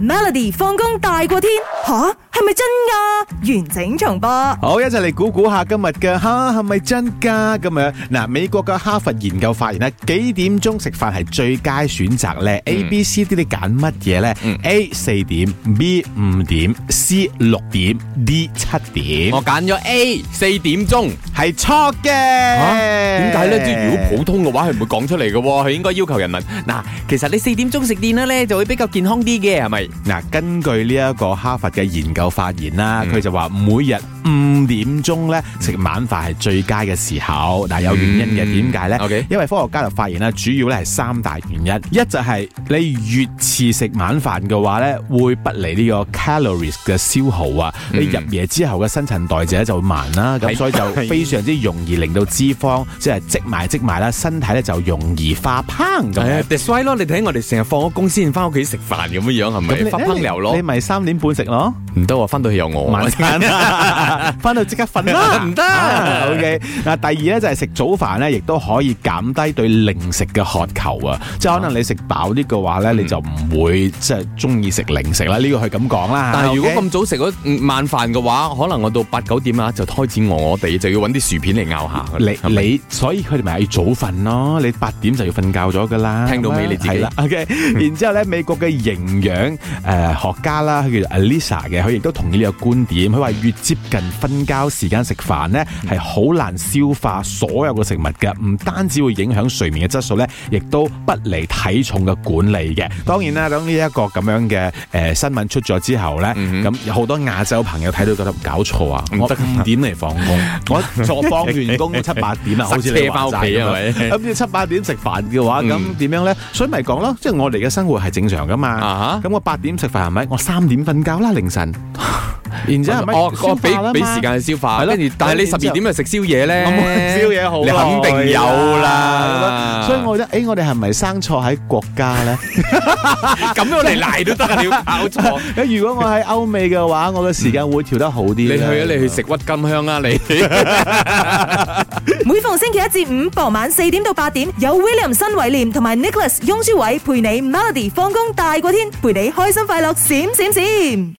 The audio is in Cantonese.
Melody 放工大過天吓，係咪真噶？完整重播，好一齊嚟估估下今日嘅，吓係咪真噶？咁樣嗱，美國嘅哈佛研究發現咧，幾點鐘食飯係最佳選擇咧、嗯、？A、B、C、D，你揀乜嘢咧？A 四點，B 五點，C 六點，D 七點。B, 點 C, 點 d, 7點我揀咗 A 四點鐘係錯嘅，點解咧？即、啊、如果普通嘅話，佢唔會講出嚟嘅，佢應該要求人民。嗱， 其實你四點鐘食電啦咧，就會比較健康啲嘅，係咪？嗱，根據呢一個哈佛嘅研究發現啦，佢、嗯、就話每日五點鐘咧食晚飯係最佳嘅時候，嗱，有原因嘅，點解咧？為呢 Okay. 因為科學家就發現啦，主要咧係三大原因，一就係你越遲食晚飯嘅話咧，會不利呢個 calories 嘅消耗啊，嗯、你入夜之後嘅新陳代謝咧就會慢啦，咁、嗯、所以就非常之容易令到脂肪即係積埋積埋啦，身體咧就容易化烹。係，食咯，你睇我哋成日放咗工先返屋企食飯咁樣樣係咪？是發烹油咯，你咪三點半食咯，唔得啊！翻到去又餓，晚飯翻到即刻瞓唔得。O K，嗱，第二咧就係食早飯咧，亦都可以減低對零食嘅渴求啊！即係可能你食飽啲嘅話咧，你就唔會即係中意食零食啦。呢個係咁講啦。但係如果咁早食咗晚飯嘅話，可能我到八九點啊就開始餓我哋，就要揾啲薯片嚟咬下。你你所以佢哋咪喺早瞓咯？你八點就要瞓覺咗噶啦。聽到未你自己？係啦，O K。然之後咧，美國嘅營養。誒、呃，學家啦，佢叫阿 Lisa 嘅，佢亦都同意呢個觀點。佢話越接近瞓覺時間食飯呢，係好難消化所有嘅食物嘅，唔單止會影響睡眠嘅質素呢，亦都不利體重嘅管理嘅。當然啦，等呢一個咁樣嘅誒、呃、新聞出咗之後呢，咁有好多亞洲朋友睇到覺得、嗯、哼搞錯啊！我五點嚟放工，嗯、哼我坐放完工七八點啊， 好似你包仔啊，咁要樣 七八點食飯嘅話，咁點樣呢？嗯、所以咪講咯，即係我哋嘅生活係正常噶嘛，咁我八點食飯係咪？我三點瞓覺啦，凌晨。 然之後是是，哦，我俾俾時間去消化，跟住了，但係你十二點又食宵夜咧，食、嗯、宵夜好，你肯定有啦。所以我覺得，誒、哎，我哋係咪生錯喺國家咧？咁 樣我哋賴都得了，好 錯。咁 如果我喺歐美嘅話，我嘅時間會調得好啲。你去啊， 你去食鬱金香啊，你。 每逢星期一至五傍晚四點到八點，有 William 新偉廉同埋 Nicholas 雍舒偉陪你 Melody 放工大過天，陪你開心快樂閃閃閃。閃閃閃閃。